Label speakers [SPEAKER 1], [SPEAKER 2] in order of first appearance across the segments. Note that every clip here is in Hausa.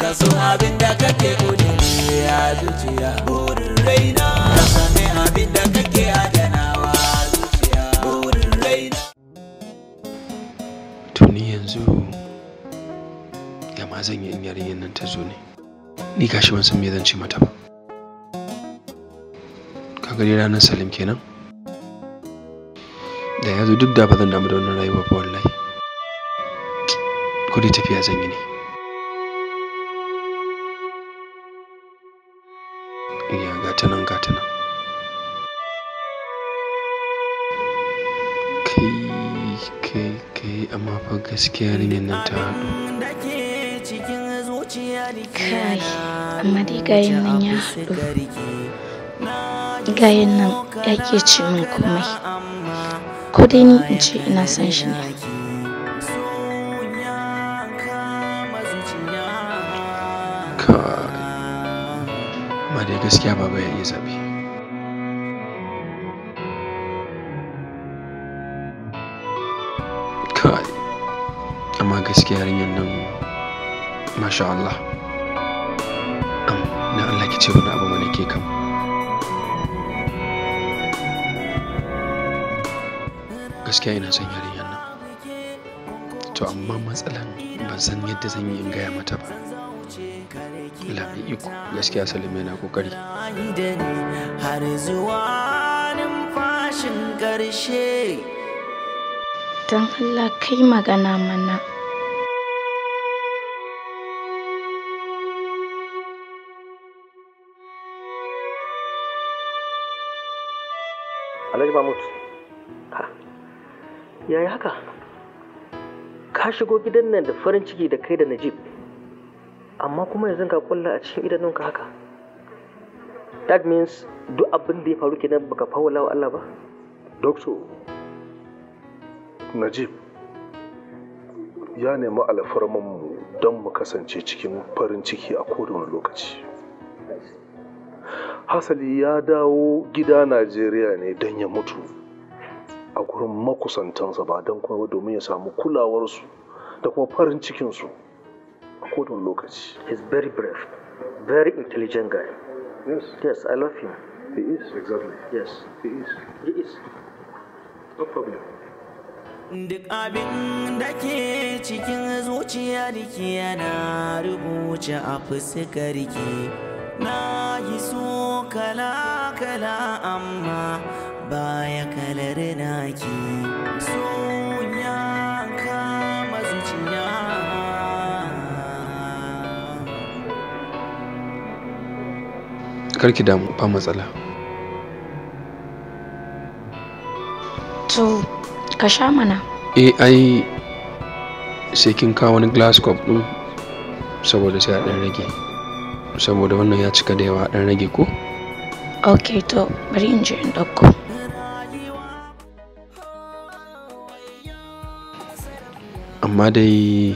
[SPEAKER 1] ka abinda kake zuciya burin raina
[SPEAKER 2] tuni yanzu zan yi yarinyar ta zo ne ni gashi ban zan ce mata ba ranar salim kenan da ya zo duk da ba zan damu da wannan rayuwa ba wallahi ko dai tafiya zan yi ne iya gata nan gata nan kai kai kai amma fa gaskiya ne nan ta
[SPEAKER 3] haɗu kai amma dai gayen nan ya haɗu gayen nan ya ke ci min komai ko dai ni in ce ina son shi ne
[SPEAKER 2] amma dai gaskiya baba ya iya zabi kai amma gaskiya yarinyar nan masha Allah am na Allah ki ce wani abu mana ke kam gaskiya ina son yarinyar nan to amma matsalan ban san yadda zan yi in gaya mata ba
[SPEAKER 1] Allah iko
[SPEAKER 2] gaskiya Salim yana kokari har zuwa
[SPEAKER 3] numfashin karshe Allah kai magana mana
[SPEAKER 4] Alhaji Mahmud yayi haka ka shigo
[SPEAKER 1] gidan nan da farin ciki da kai da Najib amma kuma yanzu ka kulla a cikin idanunka haka that means duk abin da ya faru kenan baka fawala wa Allah ba
[SPEAKER 4] doctor najib ya nemi alfarman mu don mu kasance cikin farin ciki a kowane lokaci hasali ya dawo gida najeriya ne don ya mutu a gurin makusantansa ba don kuma domin ya samu kulawarsu da kuma farin cikinsu a kowane lokaci he's very brave very intelligent guy yes yes i love him he is exactly yes he is he is
[SPEAKER 1] no problem duk abin da ke cikin zuciya rike yana rubuce a fuskar ke na yi so kala-kala amma baya kalar naki so
[SPEAKER 2] karki damu ba matsala
[SPEAKER 3] to ka sha mana
[SPEAKER 2] eh ai sai kin kawo wani glass cup din saboda sai a dan rage saboda wannan ya cika da yawa a dan rage ko
[SPEAKER 3] ok to bari in je in dauko.
[SPEAKER 2] amma dai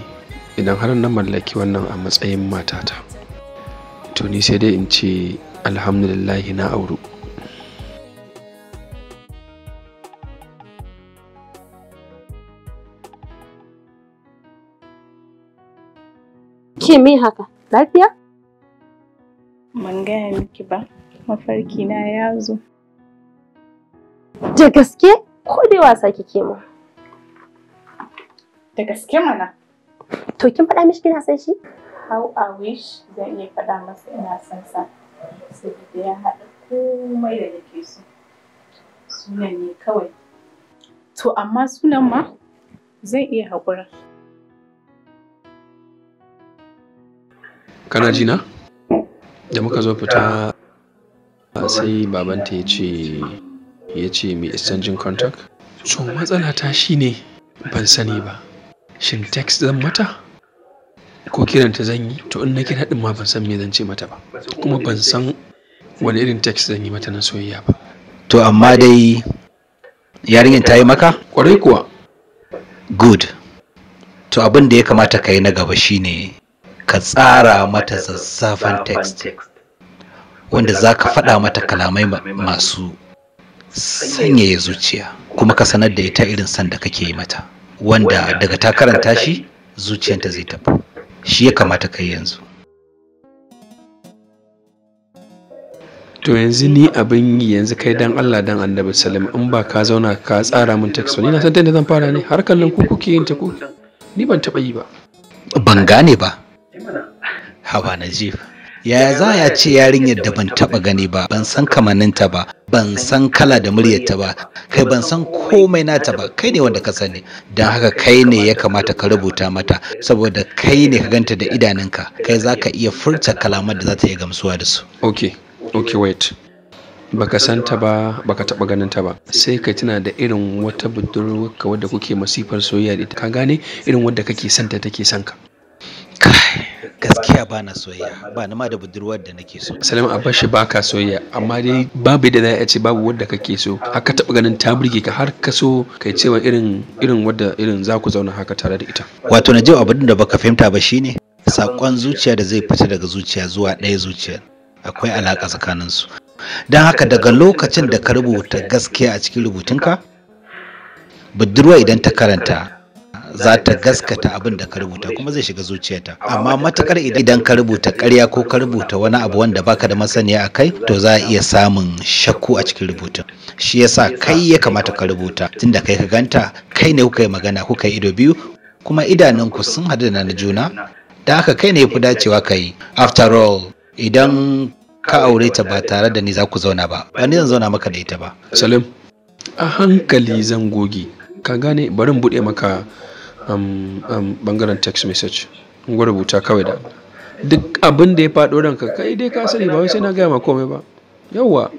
[SPEAKER 2] idan har na mallaki wannan a matsayin matata to ni sai dai in ce alhamdulillahi na auru
[SPEAKER 3] ke haka lafiya ban gaya miki ba mafarki na ya zo da gaske ko dai wasa kike mu da gaske mana to kin faɗa mishi kina san shi how i wish zan iya faɗa masa ina son sa saboda ya haɗa komai da so sunan ne kawai to amma sunan ma zan iya haƙura
[SPEAKER 2] kana jina da muka zo fita sai babanta ya ce ya ce mai exchanging contact so matsala ta ne ban sani ba shin text zan mata ko kiranta zan yi to in na kira din ma ban san me zan ce mata ba kuma ban san wani irin text zan yi mata na soyayya ba
[SPEAKER 4] to amma dai yarinyar ta yi maka kwarai kuwa good to abin da ya kamata ka yi na gaba shine ka tsara mata zazzafan text wanda za ka faɗa mata kalamai masu sanyaya zuciya kuma ka sanar da ita irin san da kake yi mata wanda daga ta karanta shi zuciyanta zai tafi shi ya kamata kai yanzu
[SPEAKER 2] to yanzu ni abin yi yanzu kai dan Allah dan Annabi Salim in ba ka zauna ka tsara min text ni na san da zan fara ne har kallon ku kuke yin ta ku ni ban taba
[SPEAKER 4] yi ba ban gane ba hawa najib yaya za ya ce yarinyar da ban taba gani ba ban san kamanninta ba ban san kala da muryarta ba kai ban san komai nata ba kai ne wanda ka sani don haka kai ne ya kamata ka rubuta mata saboda kai ne ka ganta da idanunka kai za ka iya furta kalamar da za ta iya gamsuwa da su ok ok wait baka san ta ba baka taba ganin ta ba sai
[SPEAKER 2] ka tuna da irin wata budurwa wadda kuke masifar soyayya da ita ka gane irin wadda kake son take son ka
[SPEAKER 4] kai gaskiya ba na soyayya ba na ma da budurwar da nake so
[SPEAKER 2] Salim Abba shi ba soyayya amma dai babu da za a ce babu wadda kake so haka taba ganin ta burge ka har ka so kai cewa irin irin wadda irin za ku zauna haka tare da ita
[SPEAKER 4] wato na ji abin da baka fahimta ba shine sakon zuciya da zai fita daga zuciya zuwa ɗaya zuciya akwai alaƙa su don haka daga lokacin da ka rubuta gaskiya a cikin rubutunka budurwa idan ta karanta za ta gaskata abin da ka rubuta kuma zai shiga zuciyarta amma matukar idan ka rubuta ƙarya ko ka rubuta wani abu wanda baka da masaniya a kai to za a iya samun shakku a cikin rubutun shi yasa kai ya kamata ka rubuta tunda kai ka ganta kai ne kuka yi magana kuka yi ido biyu kuma idanunku sun haɗu da na juna da haka kai ne fi dacewa ka yi after all idan ka aure ta ba tare da ni za ku zauna ba ba ni zan zauna maka da ita ba salim a hankali zan goge ka gane barin buɗe maka bangaren
[SPEAKER 2] text message in rubuta kawai da duk abin da ya faɗo ranka kai dai ka sani ba wai sai na gaya ma komai ba yawwa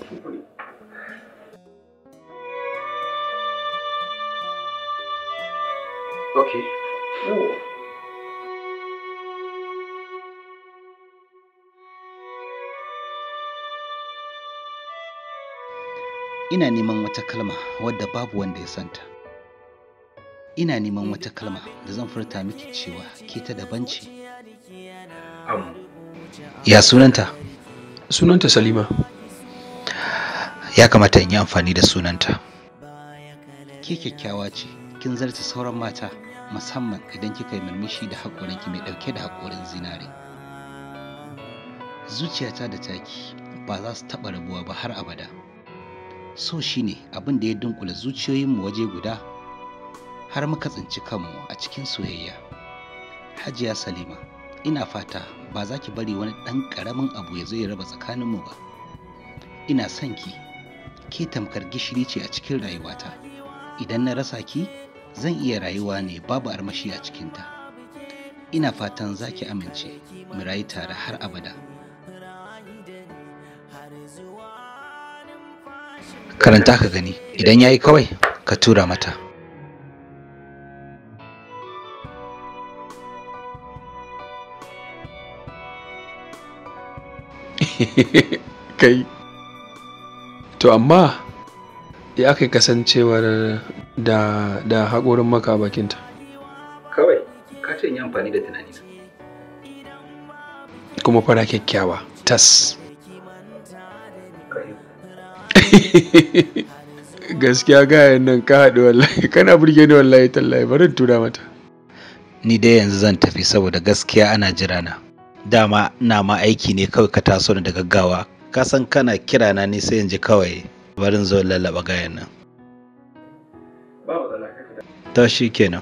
[SPEAKER 4] ina neman wata kalma wadda babu wanda ya santa ina neman wata kalma da zan furta miki cewa ke ta daban ce ya sunanta sunanta salima ya kamata in yi amfani da sunanta ke kyakkyawa ce kin zarta sauran mata musamman idan kika yi murmushi da haƙorinki mai ɗauke da haƙorin zinare zuciyata da taki ba za su taɓa rabuwa ba har abada so shine abin da ya dunkula zuciyoyinmu waje guda har muka tsinci kanmu a cikin soyayya hajiya salima ina fata ba za ki bari wani ɗan ƙaramin abu ya zo ya raba tsakaninmu ba ina son ki ke tamkar gishiri ce a cikin rayuwata idan na rasa ki zan iya rayuwa ne babu armashi a cikinta ina fatan za ki amince mu rayu tare har abada karanta ka gani idan ya yi kawai ka tura mata
[SPEAKER 2] kai to amma ya aka kasancewar da da haƙorin maka bakinta
[SPEAKER 4] kawai ka ce yi amfani da tunani
[SPEAKER 2] kuma fara kyakkyawa tas gaskiya gayan nan ka haɗu wallahi kana burge ni wallahi tallahi bari tura mata
[SPEAKER 4] ni dai yanzu zan tafi saboda gaskiya ana jira na dama na ma aiki ne kawai ka taso da gaggawa ka san kana kira na ne sai in ji kawai barin zo lallaba gayan nan to shi kenan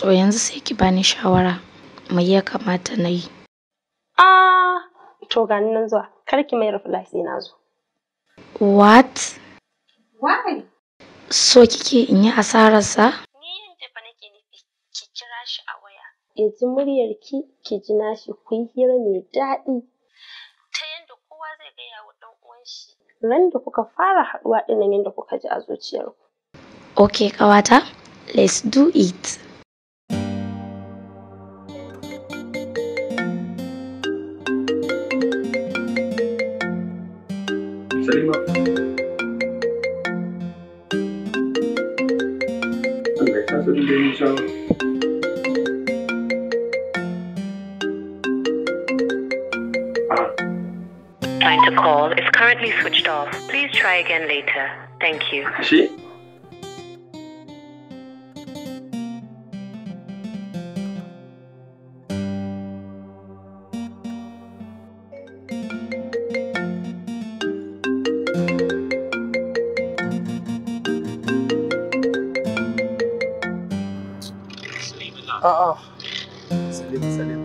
[SPEAKER 3] To yanzu sai ki bani shawara me ya kamata na yi. Ah, to ga nan zuwa, kar ki mai reply sai na zo. What? Why? So kike in yi asarar sa? Ni yadda fa nake nufi, ki kira shi a waya. Ya ji muryar ki, ki ji nashi ku yi hira mai daɗi. Ta yanda kowa zai gaya wa ɗan uwan shi. Ran da kuka fara haɗuwa ɗinnan yanda kuka ji a zuciyarku. Okay, ƙawata, let's do it.
[SPEAKER 1] doing so. to call is
[SPEAKER 2] currently switched off. Please try again later. Thank you. See?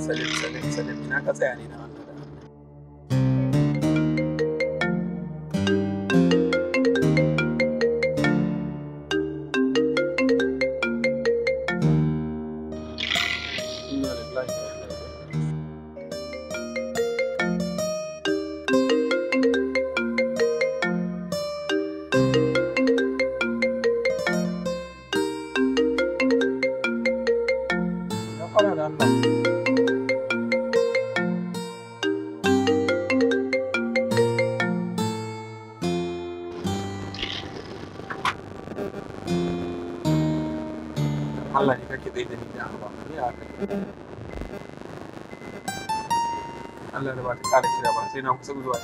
[SPEAKER 2] salim salim salim ina ka tsaya ne na ƙara kira ba sai na kusa zuwa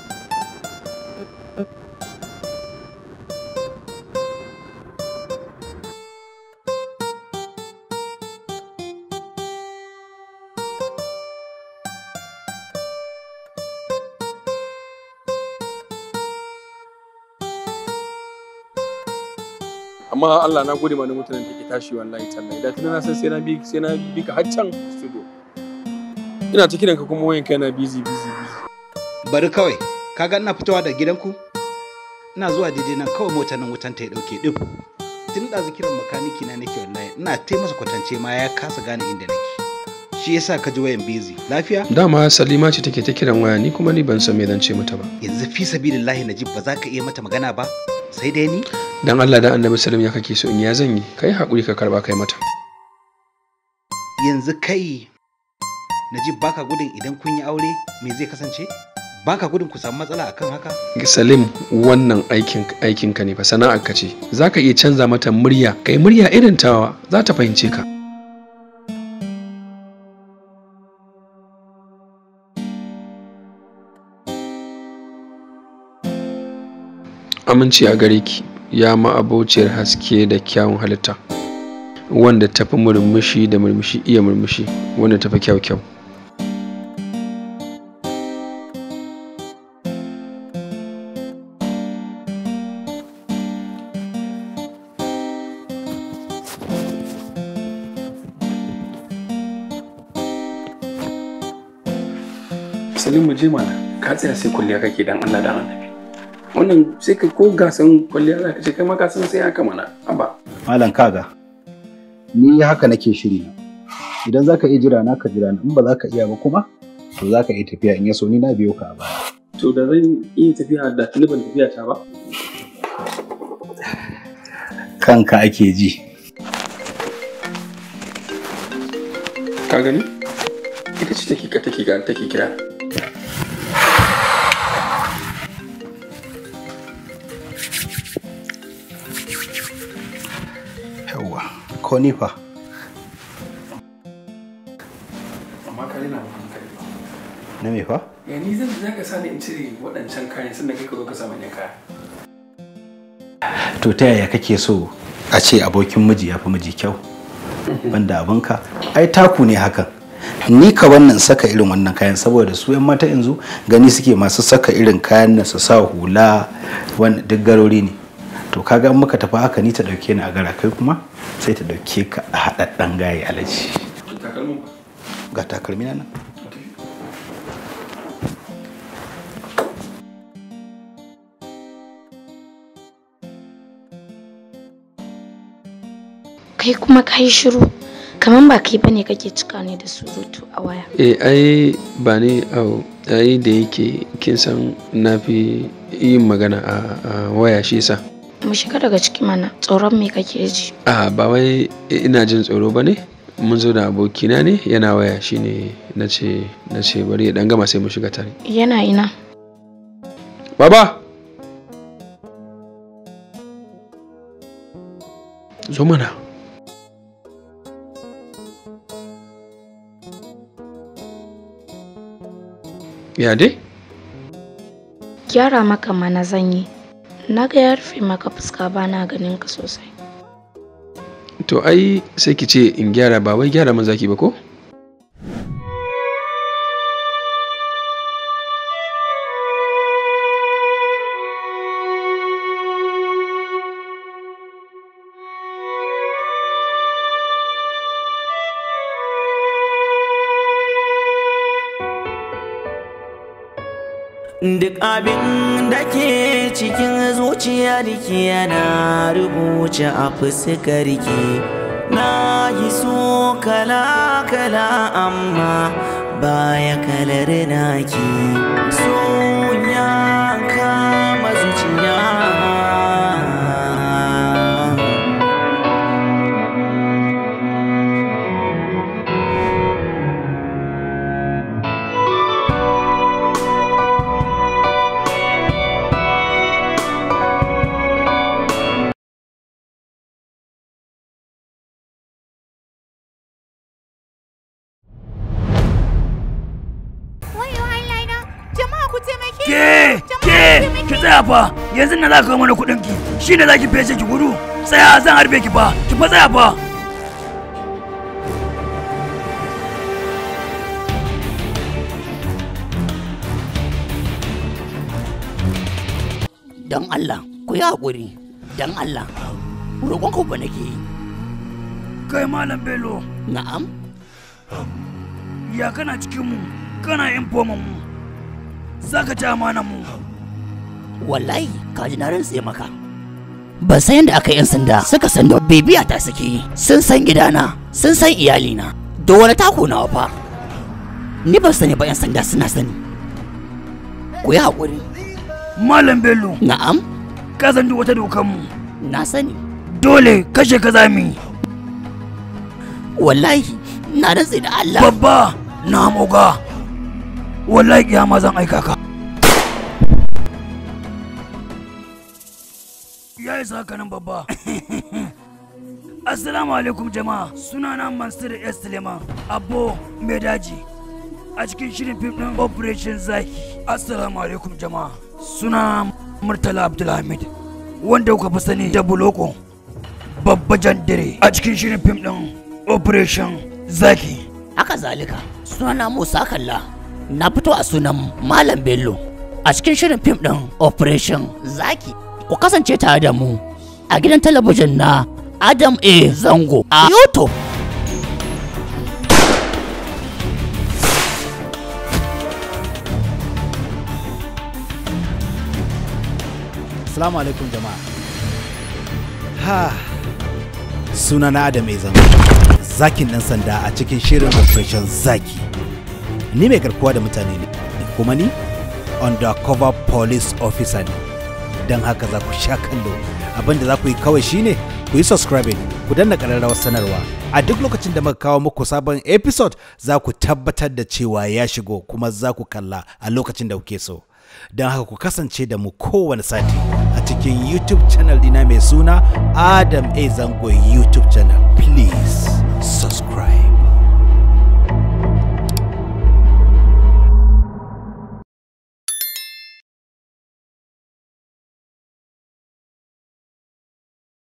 [SPEAKER 2] amma Allah na gode mana mutanen da ke tashi wallahi tallahi da tunana sai sai na bi sai na bi ka har can
[SPEAKER 4] studio ina ta kiran ka kuma wayan kai na busy busy bari kawai ka ga ina fitowa da gidanku ina zuwa daidai nan kawai mota nan wutan ta ya dauke duk tun da kiran makaniki na nake wallahi ina tai masa kwatance ma ya kasa gane inda nake shi yasa ka ji wayan busy lafiya
[SPEAKER 2] dama salima ce take ta kiran waya ni kuma ni ban san me zan
[SPEAKER 4] mata ba yanzu fi sabilillahi najib ba za ka iya mata magana ba sai dai ni
[SPEAKER 2] dan Allah dan annabi salim ya kake so in ya zan yi kai hakuri ka karba kai mata
[SPEAKER 4] yanzu kai najib baka gudun idan kun yi aure me zai kasance baka gudun ku samu matsala akan haka
[SPEAKER 2] salim wannan aikin aikinka ne fa sana'ar ka ce zaka iya canza mata murya kai murya irin tawa za ta fahimce ka aminci a gare ki ya ma'abociyar haske da kyawun halitta wanda tafi murmushi da murmushi iya murmushi wanda tafi kyau kyau je mana ka tsaya sai kulliya kake dan Allah dan annabi wannan sai ka ko gasan kulliya za ka ce kai ma ka san sai haka
[SPEAKER 4] mana aba malam kaga ni haka nake shiri idan zaka iya jira na ka jira in ba za ka iya ba kuma to za ka iya tafiya in ya so ni na biyo ka a
[SPEAKER 2] to da zan iya tafiya da tiliban tafiya ta ba
[SPEAKER 4] kanka ake ji
[SPEAKER 2] ka gani ita ce take take take kira
[SPEAKER 4] ko ni fa na me fa
[SPEAKER 2] ya eh, ni zan za ka sani in cire waɗancan kayan sannan kai ka zo ka sa manyan kaya
[SPEAKER 4] to ta yaya kake so a ce abokin miji ya fi miji kyau banda ka ai taku ne hakan ni ka wannan saka irin wannan kayan saboda su yan mata yanzu gani suke masu saka irin kayan nan su sa hula wani duk garori ne to kaga in muka tafi haka ni ta dauke ni a gara kai kuma sai ta dauke ka a haɗaɗɗen gaye alaji ga takalmi na nan
[SPEAKER 3] kai kuma ka yi shiru kamar ba kai bane kake cika ne da surutu a waya eh
[SPEAKER 2] ai ba ne au ai da yake kin san na fi yin magana a waya shi sa
[SPEAKER 3] mu shiga daga ciki mana tsoron me kake ji
[SPEAKER 2] a ba wai ina jin tsoro ba ne mun zo da abokina ne yana waya shine na ce na ce bari ya dan gama sai mu shiga tare
[SPEAKER 3] yana ina
[SPEAKER 2] baba zo mana ya dai
[SPEAKER 3] gyara maka mana zanyi na ga ya rufe maka fuska ba na ganin ka sosai
[SPEAKER 2] to ai sai ki ce in gyara ba wai gyara man zaki ba ko
[SPEAKER 1] Duk abin da ke cikin zuciya riki yana rubuce a fuskar na yi so kala kala amma baya kalar naki so fa yanzu na za ka mana kuɗin ki ne za ki fece ki gudu tsaya zan harbe ki fa ki fa tsaya fa dan Allah ku yi haƙuri dan Allah roƙon ku ba nake yi kai malam bello na'am ya kana cikin mu kana yin mu za ka ci mu wallahi ka ji na rantse maka ban san yadda aka yan sanda suka san da bibiya ta suke sun san gidana sun san iyalina da wani tako nawa fa ni ban sani ba yan sanda suna sani ku yi haƙuri malam bello na'am ka san duk wata dokar mu na sani dole kashe ka zami wallahi na rantse da Allah babba na moga wallahi kiyama zan aika ka isa babba assalamu alaikum jama'a sunana mansur s suleiman abbo mai daji a cikin shirin fim ɗin operation zaki assalamu alaikum jama'a suna murtala abdulhamid wanda kuka fi sani da buloko babba jandire a cikin shirin fim ɗin operation zaki haka zalika sunana musa kalla na fito a sunan malam bello a cikin shirin fim ɗin operation zaki ku kasance tare da mu a gidan talabijin na Adam A. Zango a YouTube.
[SPEAKER 4] Assalamu alaikum jama'a. Ha suna na Adam A. Zango. Zakin ɗan sanda a cikin shirin Operation Zaki. Ni mai garkuwa da mutane ne, kuma ni undercover police officer ne. don haka za ku sha kallo abin da za ku yi kawai shine ku yi subscribing ku danna ƙararrawar sanarwa a duk lokacin da muka kawo muku sabon episode za ku tabbatar da cewa ya shigo kuma za ku kalla a lokacin da kuke so don haka ku kasance da mu kowane sati a cikin youtube channel dina mai suna adam a zango youtube channel please subscribe